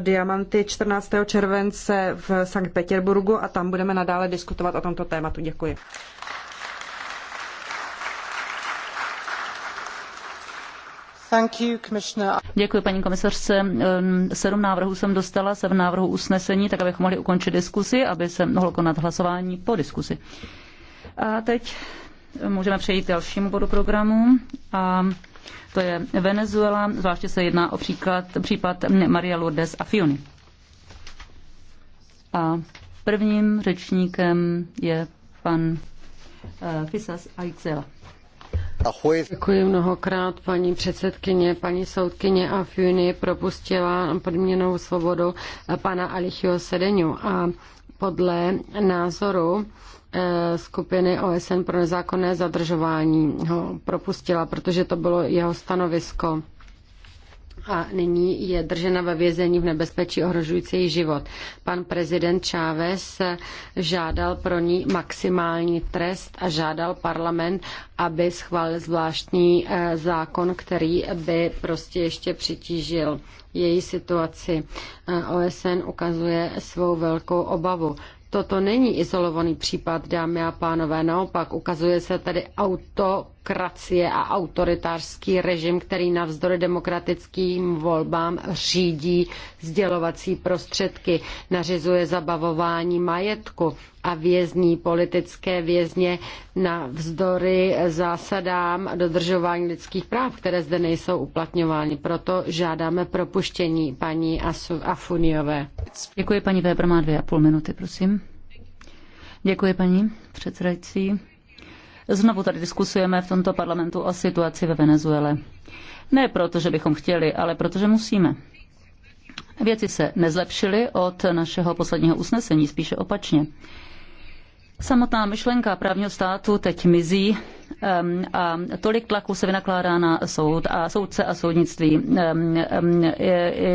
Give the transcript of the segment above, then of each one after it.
diamanty 14. července v Sankt Petersburgu a tam budeme nadále diskutovat o tomto tématu. Děkuji. You, Děkuji paní komisařce. Ehm, sedm návrhů jsem dostala, sedm návrhů usnesení, tak abychom mohli ukončit diskusi, aby se mohlo konat hlasování po diskusi. A teď můžeme přejít k dalšímu bodu programu. A to je Venezuela, zvláště se jedná o příklad, případ Maria Lourdes a Fiony. A prvním řečníkem je pan eh, Fisas Aixela. Děkuji mnohokrát, paní předsedkyně, paní soudkyně a propustila podměnou svobodu eh, pana Alichio Sedeňu a podle názoru eh, skupiny OSN pro nezákonné zadržování ho propustila, protože to bylo jeho stanovisko a nyní je držena ve vězení v nebezpečí ohrožující její život. Pan prezident Chávez žádal pro ní maximální trest a žádal parlament, aby schválil zvláštní eh, zákon, který by prostě ještě přitížil její situaci. Eh, OSN ukazuje svou velkou obavu. Toto není izolovaný případ, dámy a pánové, naopak ukazuje se tady auto autokracie a autoritářský režim, který navzdory demokratickým volbám řídí sdělovací prostředky, nařizuje zabavování majetku a vězní politické vězně vzdory zásadám dodržování lidských práv, které zde nejsou uplatňovány. Proto žádáme propuštění paní Afuniové. Děkuji paní Weber, má dvě a půl minuty, prosím. Děkuji paní předsedající. Znovu tady diskusujeme v tomto parlamentu o situaci ve Venezuele. Ne proto, že bychom chtěli, ale protože musíme. Věci se nezlepšily od našeho posledního usnesení, spíše opačně. Samotná myšlenka právního státu teď mizí Ehm, a tolik tlaku se vynakládá na soud a soudce a soudnictví. Ehm, ehm,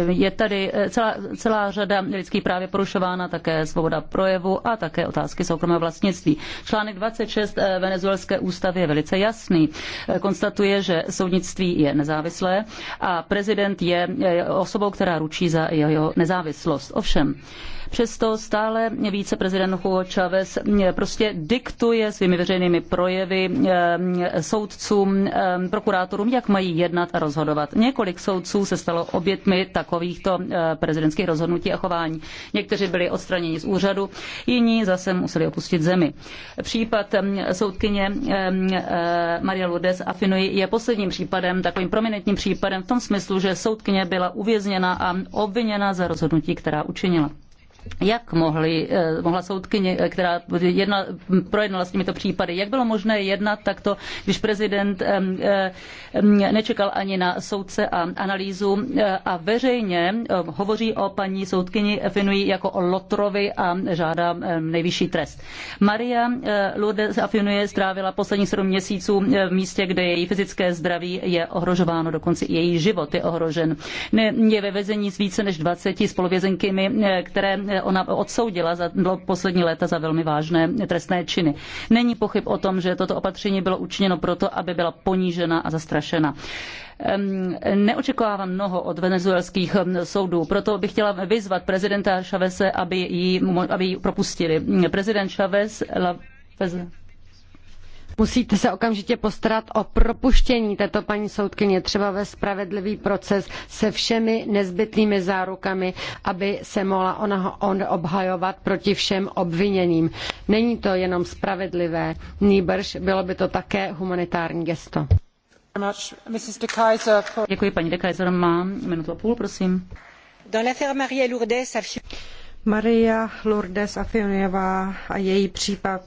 je tady celá, celá řada lidských práv je porušována, také svoboda projevu a také otázky soukromého vlastnictví. Článek 26 eh, venezuelské ústavy je velice jasný. Eh, konstatuje, že soudnictví je nezávislé a prezident je osobou, která ručí za jeho nezávislost. Ovšem, Přesto stále více prezident Hugo Chávez eh, prostě diktuje svými veřejnými projevy eh, soudcům, eh, prokurátorům, jak mají jednat a rozhodovat. Několik soudců se stalo obětmi takovýchto prezidentských rozhodnutí a chování. Někteří byli odstraněni z úřadu, jiní zase museli opustit zemi. Případ soudkyně Maria Lourdes Afinuji je posledním případem, takovým prominentním případem v tom smyslu, že soudkyně byla uvězněna a obviněna za rozhodnutí, která učinila jak mohly, eh, mohla soudkyně, eh, která jedna, projednala s těmito případy, jak bylo možné jednat takto, když prezident eh, nečekal ani na soudce a analýzu a veřejně hovoří o paní soudkyni Finuji jako o Lotrovi a žádá nejvyšší trest. Maria Lourdes Afinuje strávila posledních sedm měsíců v místě, kde její fyzické zdraví je ohrožováno, dokonce její život je ohrožen. Je ve vezení s více než 20 spoluvězenkymi, které Eh, ona odsoudila za poslední léta za velmi vážné trestné činy. Není pochyb o tom, že toto opatření bylo učiněno proto, aby byla ponížena a zastrašena neočekávám mnoho od venezuelských soudů. Proto bych chtěla vyzvat prezidenta Chavese, aby ji, aby ji propustili. Prezident Chavez, la, Musíte se okamžitě postarat o propuštění této paní soudkyně, třeba ve spravedlivý proces se všemi nezbytnými zárukami, aby se mohla ona on obhajovat proti všem obviněným. Není to jenom spravedlivé, nýbrž bylo by to také humanitární gesto. Děkuji paní de Kaiser, minutu a půl, prosím. Dans l'affaire Marie Lourdes, Maria Lourdes Afionová a její případ,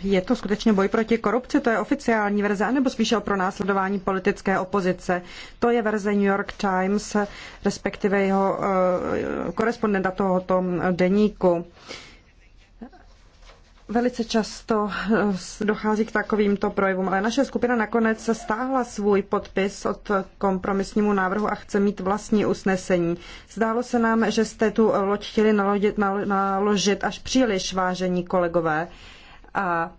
je to skutečně boj proti korupci? To je oficiální verze, nebo spíše o pronásledování politické opozice? To je verze New York Times, respektive jeho eh, korespondenta tohoto mm, deníku. Velice často eh, dochází k takovýmto projevům, ale naše skupina nakonec stáhla svůj podpis od kompromisnímu návrhu a chce mít vlastní usnesení. Zdálo se nám, že jste tu loď chtěli naložit, naložit až příliš, vážení kolegové. A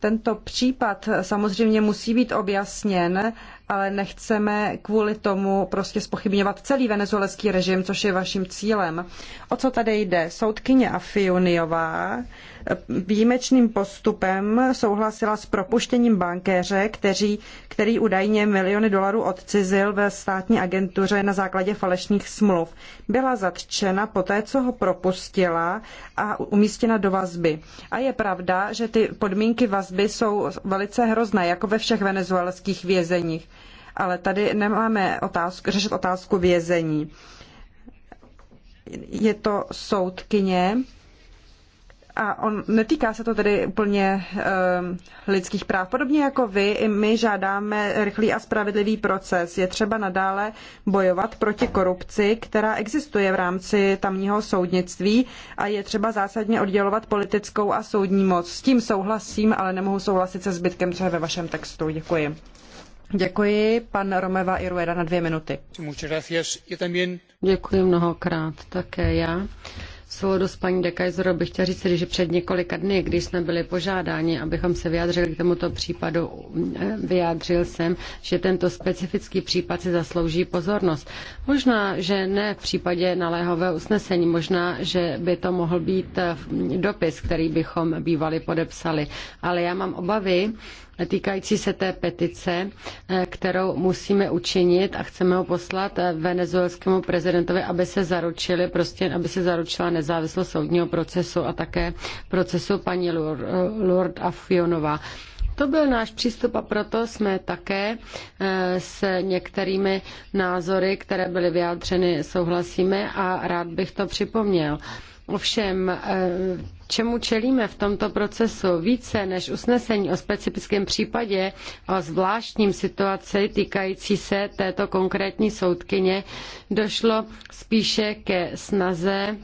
tento případ samozřejmě musí být objasněn, ale nechceme kvůli tomu prostě spochybňovat celý venezuelský režim, což je vaším cílem. O co tady jde? Soudkyně Afioniová výjimečným postupem souhlasila s propuštěním bankéře, kteří, který údajně miliony dolarů odcizil ve státní agentuře na základě falešných smluv. Byla zatčena poté, co ho propustila a umístěna do vazby. A je pravda, že ty podmínky vazby jsou velice hrozné, jako ve všech venezuelských vězeních. Ale tady nemáme otázku, řešit otázku vězení. Je to soudkyně, a on, netýká se to tedy úplně um, lidských práv. Podobně jako vy, i my žádáme rychlý a spravedlivý proces. Je třeba nadále bojovat proti korupci, která existuje v rámci tamního soudnictví a je třeba zásadně oddělovat politickou a soudní moc. S tím souhlasím, ale nemohu souhlasit se zbytkem, co je ve vašem textu. Děkuji. Děkuji, pan Romeva Irueda na dvě minuty. Děkuji mnohokrát také já souladu s paní Dekajzorou bych chtěla říct, že před několika dny, když jsme byli požádáni, abychom se vyjádřili k tomuto případu, eh, vyjádřil jsem, že tento specifický případ si zaslouží pozornost. Možná, že ne v případě naléhového usnesení, možná, že by to mohl být eh, dopis, který bychom bývali podepsali. Ale já mám obavy, týkající se té petice, eh, kterou musíme učinit a chceme ho poslat eh, venezuelskému prezidentovi, aby se zaručili, prostě, aby se zaručila nezávislost soudního procesu a také procesu paní eh, Lord Afionová. To byl náš přístup a proto jsme také s některými názory, které byly vyjádřeny, souhlasíme a rád bych to připomněl. Ovšem, eh, čemu čelíme v tomto procesu více než usnesení o specifickém případě, o zvláštním situaci týkající se této konkrétní soudkyně, došlo spíše ke snaze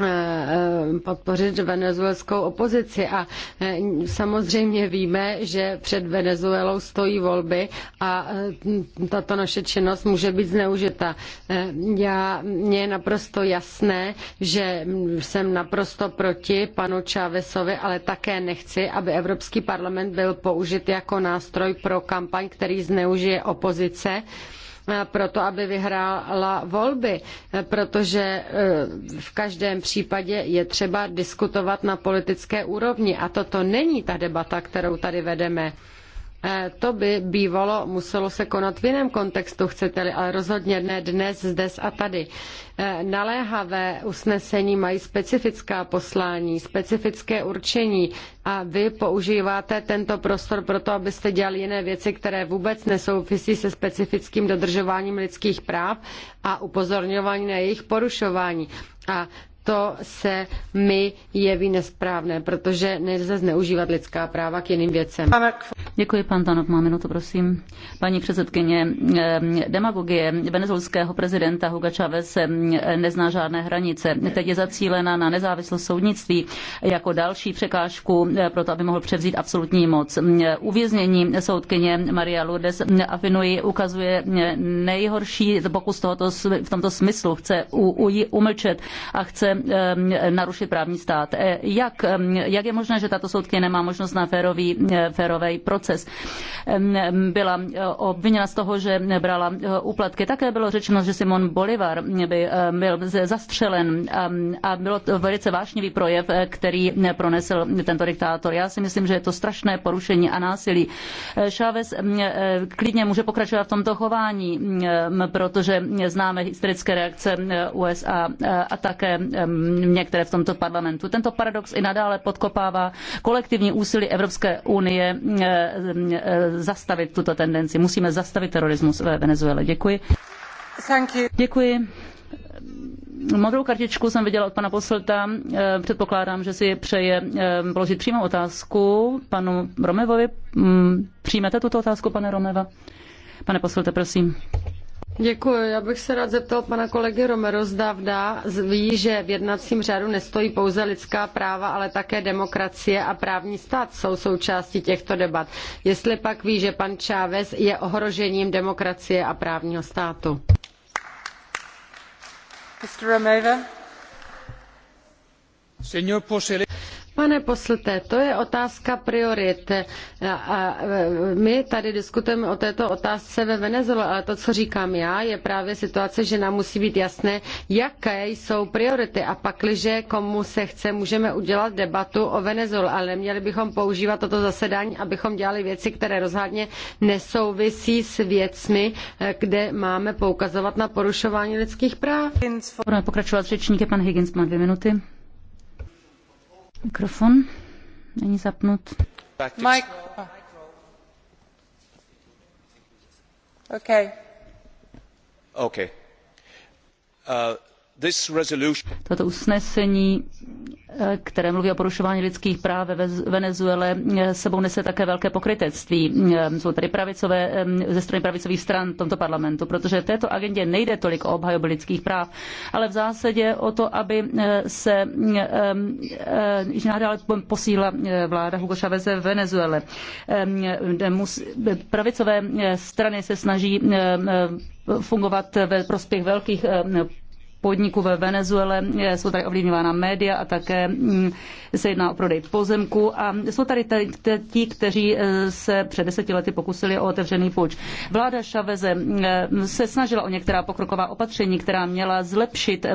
Eh, eh, podpořit venezuelskou opozici. A eh, samozřejmě víme, že před Venezuelou stojí volby a tato naše činnost může být zneužita. Já, mně je naprosto jasné, že jsem naprosto proti panu Chávesovi, ale také nechci, aby Evropský parlament byl použit jako nástroj pro kampaň, který zneužije opozice proto, aby vyhrála volby, protože e, v každém případě je třeba diskutovat na politické úrovni a toto není ta debata, kterou tady vedeme. Eh, to by bývalo, muselo se konat v jiném kontextu, chcete-li, ale rozhodně ne dnes, zde a tady. Eh, naléhavé usnesení mají specifická poslání, specifické určení a vy používáte tento prostor pro to, abyste dělali jiné věci, které vůbec nesouvisí se specifickým dodržováním lidských práv a upozorňování na jejich porušování. A to se mi jeví nesprávné, protože nelze zneužívat lidská práva k jiným věcem. Děkuji, pan Tanok, má minutu, prosím. Paní předsedkyně, ehm, demagogie venezolského prezidenta Huga Chávez ehm, nezná žádné hranice. Teď je zacílena na nezávislost soudnictví jako další překážku eh, pro to, aby mohl převzít absolutní moc. Ehm, uvěznění soudkyně Maria Lourdes Afinuji ukazuje nejhorší pokus tohoto, v tomto smyslu. Chce umlčet a chce narušit právní stát. Eh, jak, jak je možné, že tato soudkyně nemá možnost na férový, eh, férový proces? proces. Byla e, obviněna z toho, že nebrala e, úplatky. Také bylo řečeno, že Simon Bolivar e, by byl zastřelen a bylo to velice vášnivý projev, který pronesl tento diktátor. Já si myslím, že je to strašné porušení a násilí. Chávez klidně může pokračovat v tomto chování, protože známe historické reakce USA a také některé v tomto parlamentu. Tento paradox i nadále podkopává kolektivní úsilí Evropské unie Eh, zastavit tuto tendenci. Musíme zastavit terorismus ve Venezuele. Děkuji. Děkuji. Modrou kartičku jsem viděla od pana Poslta. Eh, předpokládám, že si přeje eh, položit přímou otázku panu Romevovi. Mm, přijmete tuto otázku, pane Romeva? Pane Poslte, prosím. Děkuji. Já bych se rád zeptal pana kolegy Romero, zda ví, že v jednacím řádu nestojí pouze lidská práva, ale také demokracie a právní stát jsou součástí těchto debat. Jestli pak ví, že pan Chávez je ohrožením demokracie a právního státu. Mr. Romero. Pane poslete, to je otázka priorit. A my tady diskutujeme o této otázce ve Venezuele, ale to, co říkám já, je právě situace, že nám musí být jasné, jaké jsou priority. A pakliže komu se chce, můžeme udělat debatu o Venezuele, ale neměli bychom používat toto zasedání, abychom dělali věci, které rozhodně nesouvisí s věcmi, eh, kde máme poukazovat na porušování lidských práv. Budeme pokračovat řečníky, pan Higgins má dvě minuty. Mikrofon není zapnut. Mike. Okay. Okay. Uh, Toto usnesení, eh, které mluví o porušování lidských práv ve Venezuele, eh, sebou nese také velké pokrytectví. Eh, jsou tady pravicové, ze strany pravicových stran v tomto parlamentu, protože v této agendě nejde tolik o obhajobu lidských práv, ale v zásadě o to, aby se již nadále posíla vláda Hugo Chaveze ve Venezuele. Pravicové strany se snaží fungovat ve prospěch velkých podniků ve Venezuele, jsou tady ovlivňována média a také mm, se jedná o prodej pozemku a jsou tady ti, kteří e, se před deseti lety pokusili o otevřený půjč. Vláda Šaveze se snažila o některá pokroková opatření, která měla zlepšit e,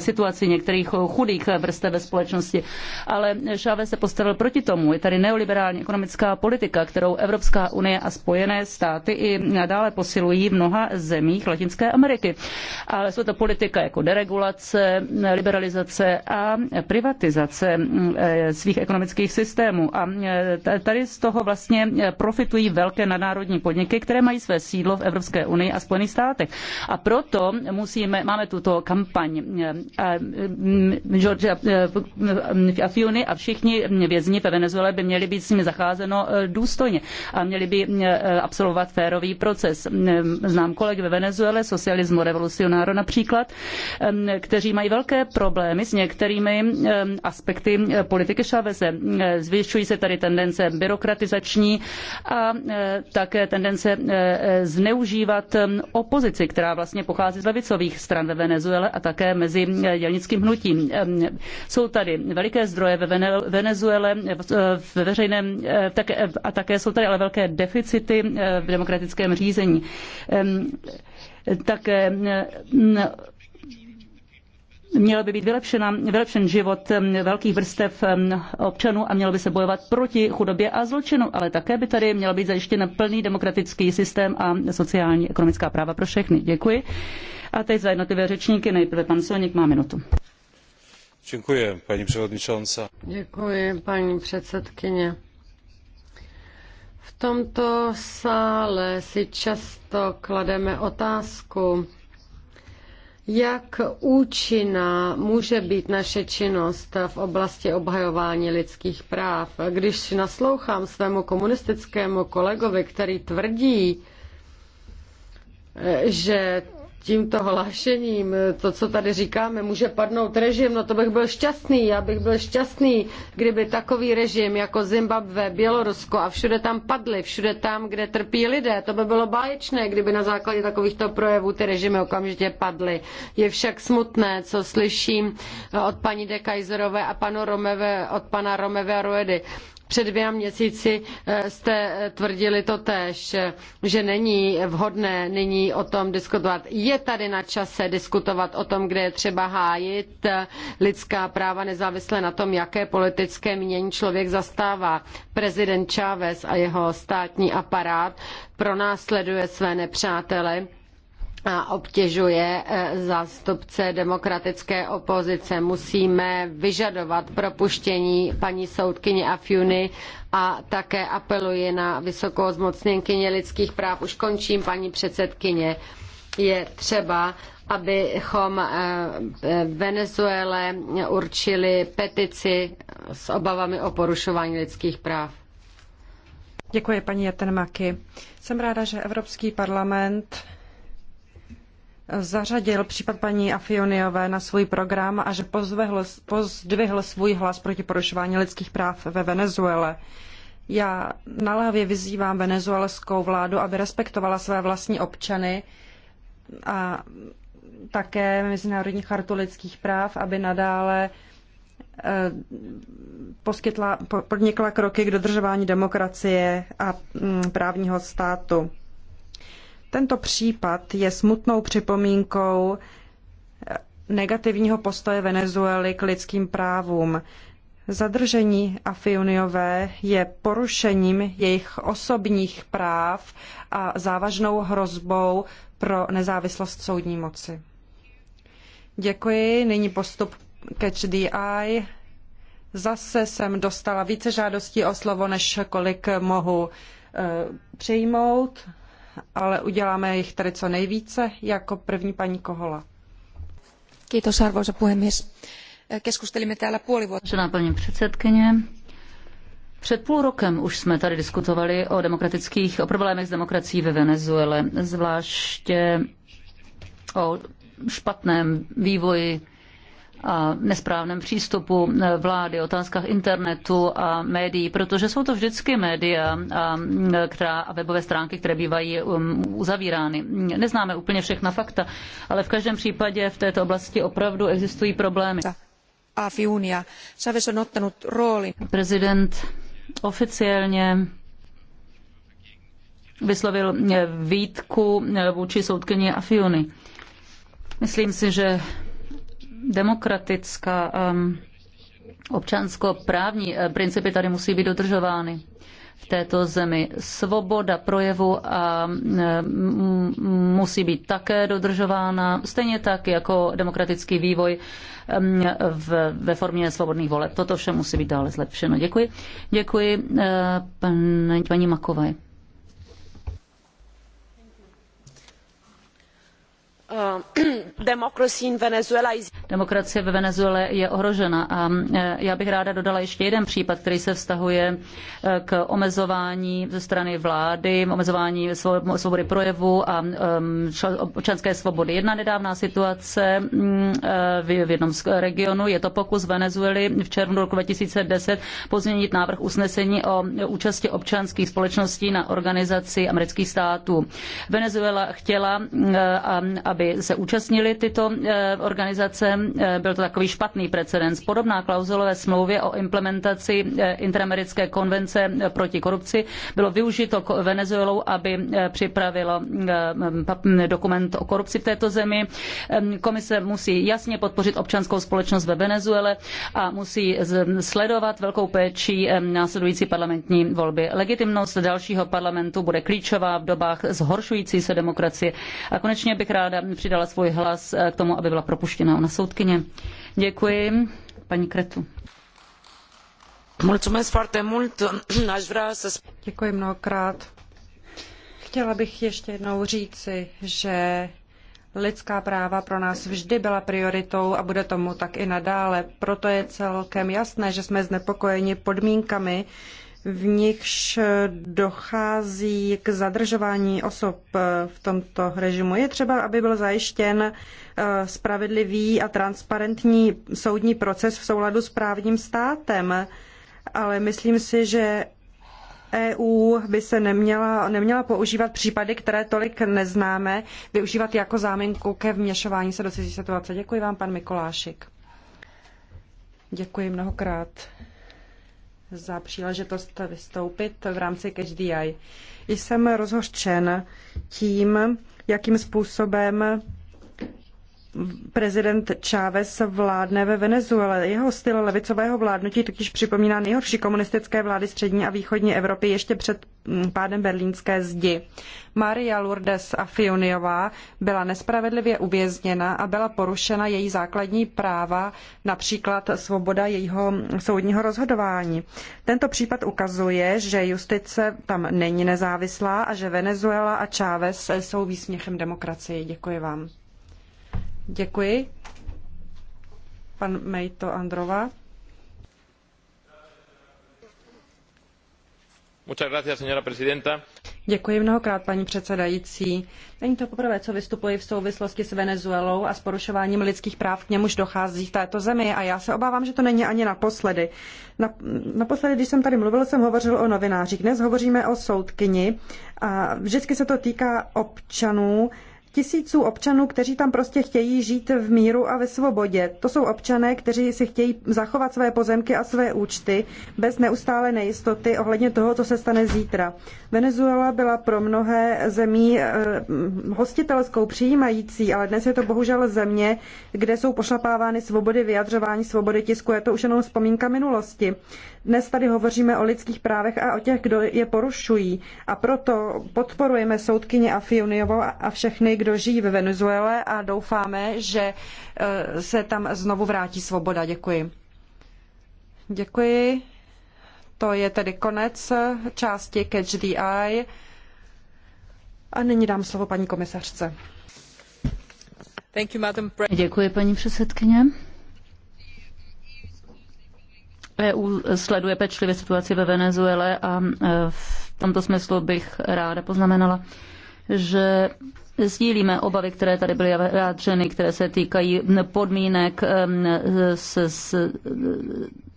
situaci některých chudých vrstev ve společnosti, ale Chavez se postavil proti tomu. Je tady neoliberální ekonomická politika, kterou Evropská unie a Spojené státy i nadále posilují v mnoha zemích Latinské Ameriky. Ale jsou to politika jako deregulace, liberalizace a privatizace eh, svých ekonomických systémů. A eh, tady z toho vlastně eh, profitují velké nadnárodní podniky, které mají své sídlo v Evropské unii a Spojených státech. A proto musíme, máme tuto kampaň mm, George a Fiony a všichni vězni ve Venezuele by měli být s nimi zacházeno důstojně a měli by absolvovat férový proces. Hm, znám kolegy ve Venezuele, socialismu revolucionáro například, kteří mají velké problémy s některými aspekty politiky Šáveze. Zvyšují se tady tendence byrokratizační a také tendence zneužívat opozici, která vlastně pochází z levicových stran ve Venezuele a také mezi dělnickým hnutím. Jsou tady veliké zdroje ve Venezuele ve veřejném, a také jsou tady ale velké deficity v demokratickém řízení. Také měl by být vylepšena, vylepšen život velkých vrstev občanů a mělo by se bojovat proti chudobě a zločinu, ale také by tady měl být zajištěn plný demokratický systém a sociální ekonomická práva pro všechny. Děkuji. A teď za jednotlivé řečníky nejprve pan Sonik má minutu. Děkuji, paní předsedající. Děkuji, paní předsedkyně. V tomto sále si často klademe otázku, jak účinná může být naše činnost v oblasti obhajování lidských práv? Když naslouchám svému komunistickému kolegovi, který tvrdí, že tímto hlášením, to, co tady říkáme, může padnout režim, no to bych byl šťastný, já bych byl šťastný, kdyby takový režim jako Zimbabwe, Bělorusko a všude tam padly, všude tam, kde trpí lidé, to by bylo báječné, kdyby na základě takovýchto projevů ty režimy okamžitě padly. Je však smutné, co slyším od paní de Kajzerové a panu Romeve, od pana a Ruedy. Před dvěma měsíci eh, jste eh, tvrdili to eh, že není vhodné nyní o tom diskutovat. Je tady na čase diskutovat o tom, kde je třeba hájit lidská práva nezávisle na tom, jaké politické mínění člověk zastává. Prezident Chávez a jeho státní aparát pronásleduje své nepřátele a obtěžuje eh, zástupce demokratické opozice. Musíme vyžadovat propuštění paní soudkyně Afiuny a také apeluji na vysokou zmocněnkyně lidských práv. Už končím, paní předsedkyně. Je třeba, abychom eh, Venezuele určili petici s obavami o porušování lidských práv. Děkuji, paní Jatenmaky. Jsem ráda, že Evropský parlament zařadil případ paní Afioniové na svůj program a že pozvehl, pozdvihl svůj hlas proti porušování lidských práv ve Venezuele. Já naléhavě vyzývám venezuelskou vládu, aby respektovala své vlastní občany a také Mezinárodní chartu lidských práv, aby nadále eh, poskytla, podnikla kroky k dodržování demokracie a mm, právního státu. Tento případ je smutnou připomínkou negativního postoje Venezuely k lidským právům. Zadržení Afiuniové je porušením jejich osobních práv a závažnou hrozbou pro nezávislost soudní moci. Děkuji. Nyní postup Catch the Eye. Zase jsem dostala více žádostí o slovo, než kolik mohu eh, přijmout ale uděláme jich tady co nejvíce, jako první paní Kohola. Kiitos arvoisa puhemies. Keskustelimme täällä puoli vuotta. Žená paní předsedkyně, před půl rokem už jsme tady diskutovali o demokratických, o problémech s demokracií ve Venezuele, zvláště o špatném vývoji a nesprávném přístupu eh, vlády, otázkách internetu a médií, protože jsou to vždycky média a, která, a webové stránky, které bývají um, uzavírány. Neznáme úplně všechna fakta, ale v každém případě v této oblasti opravdu existují problémy. Prezident oficiálně vyslovil eh, výtku eh, vůči soudkyni Afiuny. Myslím si, že demokratická um, občanskoprávní eh, principy tady musí být dodržovány v této zemi. Svoboda projevu a eh, musí být také dodržována, stejně tak jako demokratický vývoj v, ve formě svobodných voleb. Toto vše musí být dále zlepšeno. Děkuji. Děkuji eh, pan, paní Makové. Uh, Demokracie ve Venezuele je ohrožena a eh, já bych ráda dodala ještě jeden případ, který se vztahuje eh, k omezování ze strany vlády, omezování svobody projevu a občanské svobody. Jedna nedávná situace mm, eh, v jednom z regionu, je to pokus Venezuely v červnu roku 2010 pozměnit návrh usnesení o účasti občanských společností na organizaci amerických států. Venezuela chtěla, mm, aby aby se účastnili tyto eh, organizace. Eh, byl to takový špatný precedens. Podobná klauzule ve smlouvě o implementaci eh, Interamerické konvence proti korupci bylo využito Venezuelou, aby připravilo dokument o korupci v této zemi. Ehm, komise musí jasně podpořit občanskou společnost ve Venezuele a musí sledovat velkou péčí ehm, následující parlamentní volby. Legitimnost dalšího parlamentu bude klíčová v dobách zhoršující se demokracie. A konečně bych ráda přidala svůj hlas eh, k tomu, aby byla propuštěna ona soudkyně. Děkuji. Paní Kretu. Děkuji mnohokrát. Chtěla bych ještě jednou říci, že lidská práva pro nás vždy byla prioritou a bude tomu tak i nadále. Proto je celkem jasné, že jsme znepokojeni podmínkami, v nichž dochází k zadržování osob v tomto režimu. Je třeba, aby byl zajištěn eh, spravedlivý a transparentní soudní proces v souladu s právním státem, ale myslím si, že EU by se neměla, neměla používat případy, které tolik neznáme, využívat jako záminku ke vměšování se do cizí situace. Děkuji vám, pan Mikolášik. Děkuji mnohokrát za příležitost vystoupit v rámci CashDI. Jsem rozhořčen tím, jakým způsobem prezident Chávez vládne ve Venezuele. Jeho styl levicového vládnutí totiž připomíná nejhorší komunistické vlády střední a východní Evropy ještě před mm, pádem berlínské zdi. Maria Lourdes Afionová byla nespravedlivě uvězněna a byla porušena její základní práva, například svoboda jejího soudního rozhodování. Tento případ ukazuje, že justice tam není nezávislá a že Venezuela a Chávez jsou výsměchem demokracii. Děkuji vám. Děkuji. Pan Mejto Androva. Děkuji mnohokrát, paní předsedající. Není to poprvé, co vystupuji v souvislosti s Venezuelou a s porušováním lidských práv, k němuž dochází v této zemi a já se obávám, že to není ani naposledy. Naposledy, když jsem tady mluvil, jsem hovořil o novinářích. Dnes hovoříme o soudkyni a vždycky se to týká občanů, tisíců občanů, kteří tam prostě chtějí žít v míru a ve svobodě. To jsou občané, kteří si chtějí zachovat své pozemky a své účty bez neustále nejistoty ohledně toho, co se stane zítra. Venezuela byla pro mnohé zemí eh, hm, hostitelskou, přijímající, ale dnes je to bohužel země, kde jsou pošlapávány svobody vyjadřování, svobody tisku. Je to už jenom vzpomínka minulosti. Dnes tady hovoříme o lidských právech a o těch, kdo je porušují. A proto podporujeme soudkyně Afiuniovou a všechny, kdo žijí ve Venezuele a doufáme, že eh, se tam znovu vrátí svoboda. Děkuji. Děkuji. To je tedy konec části Catch the Eye. A nyní dám slovo paní komisařce. Děkuji, paní předsedkyně. EU sleduje pečlivě situaci ve Venezuele a e, v tomto smyslu bych ráda poznamenala, že Sdílíme obavy, které tady byly vyjádřeny, které se týkají podmínek s, s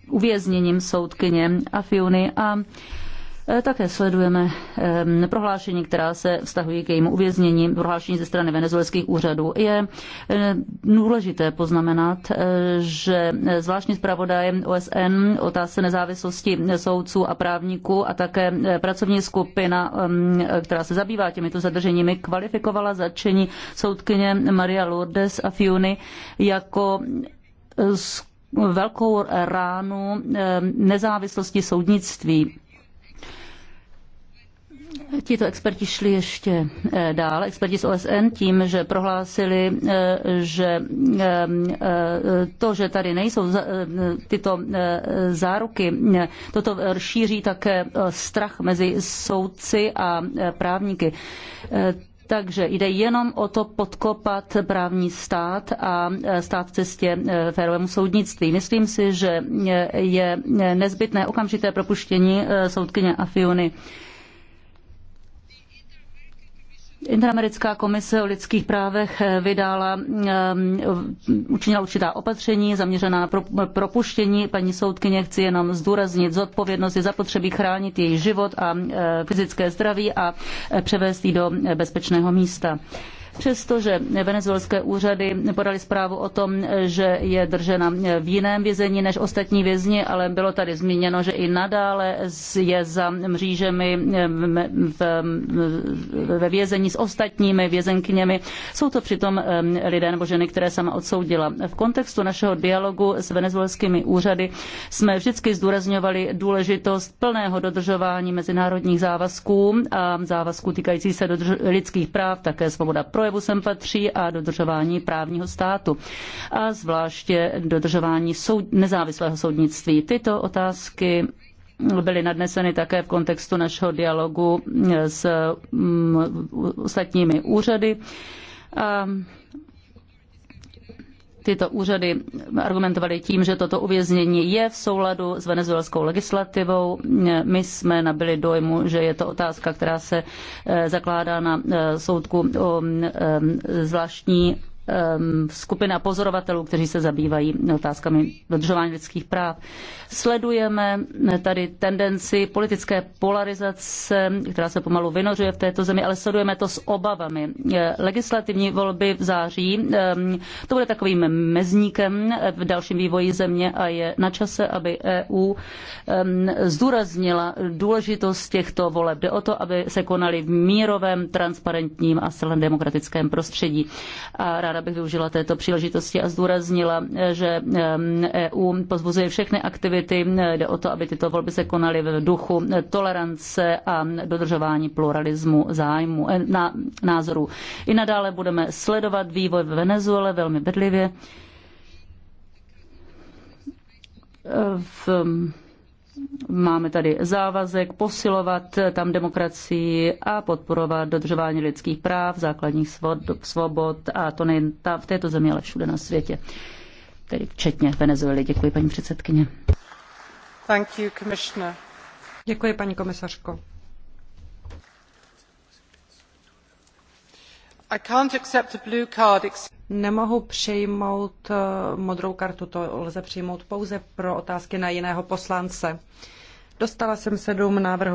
uvězněním soudkyně Afiuny a E, také sledujeme prohlášení, která se vztahují k jejímu uvěznění. Prohlášení ze strany venezuelských úřadů je e, důležité poznamenat, e, že zvláštní zpravodaj OSN otázce nezávislosti soudců a právníků a také pracovní skupina, která se zabývá těmito zadrženími, kvalifikovala zatčení soudkyně Maria Lourdes a Fiuny jako velkou ránu nezávislosti soudnictví Tito experti šli ještě eh, dál, experti z OSN, tím, že prohlásili, eh, že eh, to, že tady nejsou tyto záruky, toto šíří také strach mezi soudci a právníky. Takže jde jenom o to podkopat právní stát a stát v cestě férovému soudnictví. Myslím si, že je nezbytné okamžité propuštění soudkyně Afiony. Interamerická komise o lidských právech eh, vydala, eh, učinila určitá opatření zaměřená na propuštění. Paní soudkyně chci jenom zdůraznit zodpovědnost, je zapotřebí chránit její život a eh, fyzické zdraví a převést ji do bezpečného místa přestože venezuelské úřady podali zprávu o tom, že je držena v jiném vězení než ostatní vězni, ale bylo tady zmíněno, že i nadále je za mřížemi ve vězení s ostatními vězenkyněmi. Jsou to přitom lidé nebo ženy, které sama odsoudila. V kontextu našeho dialogu s venezuelskými úřady jsme vždycky zdůrazňovali důležitost plného dodržování mezinárodních závazků a závazků týkající se lidských práv, také svoboda projevu projevu sem patří a dodržování právního státu a zvláště dodržování soud, nezávislého soudnictví. Tyto otázky byly nadneseny také v kontextu našeho dialogu s ostatními mm, úřady. A Tyto úřady argumentovaly tím, že toto uvěznění je v souladu s venezuelskou legislativou. My jsme nabili dojmu, že je to otázka, která se eh, zakládá na eh, soudku o eh, zvláštní Ehm, skupina pozorovatelů, kteří se zabývají otázkami dodržování lidských práv. Sledujeme tady tendenci politické polarizace, která se pomalu vynořuje v této zemi, ale sledujeme to s obavami. Legislativní volby v září, ehm, to bude takovým mezníkem v dalším vývoji země a je na čase, aby EU ehm, zdůraznila důležitost těchto voleb. Jde o to, aby se konaly v mírovém, transparentním a silném demokratickém prostředí. A ráda Ráda bych využila této příležitosti a zdůraznila, že EU e pozbuzuje všechny aktivity. Jde o to, aby tyto volby se konaly v duchu tolerance a dodržování pluralismu zájmu, e, na, názorů. I nadále budeme sledovat vývoj v Venezuele velmi bedlivě. V, Máme tady závazek posilovat tam demokracii a podporovat dodržování lidských práv, základních svobod a to nejen ta, v této zemi, ale všude na světě. Tedy včetně Venezuely. Děkuji, paní předsedkyně. Thank you, Děkuji, paní komisařko. Nemohu přijmout eh, modrou kartu, to lze přijmout pouze pro otázky na jiného poslance. Dostala jsem sedm návrhů.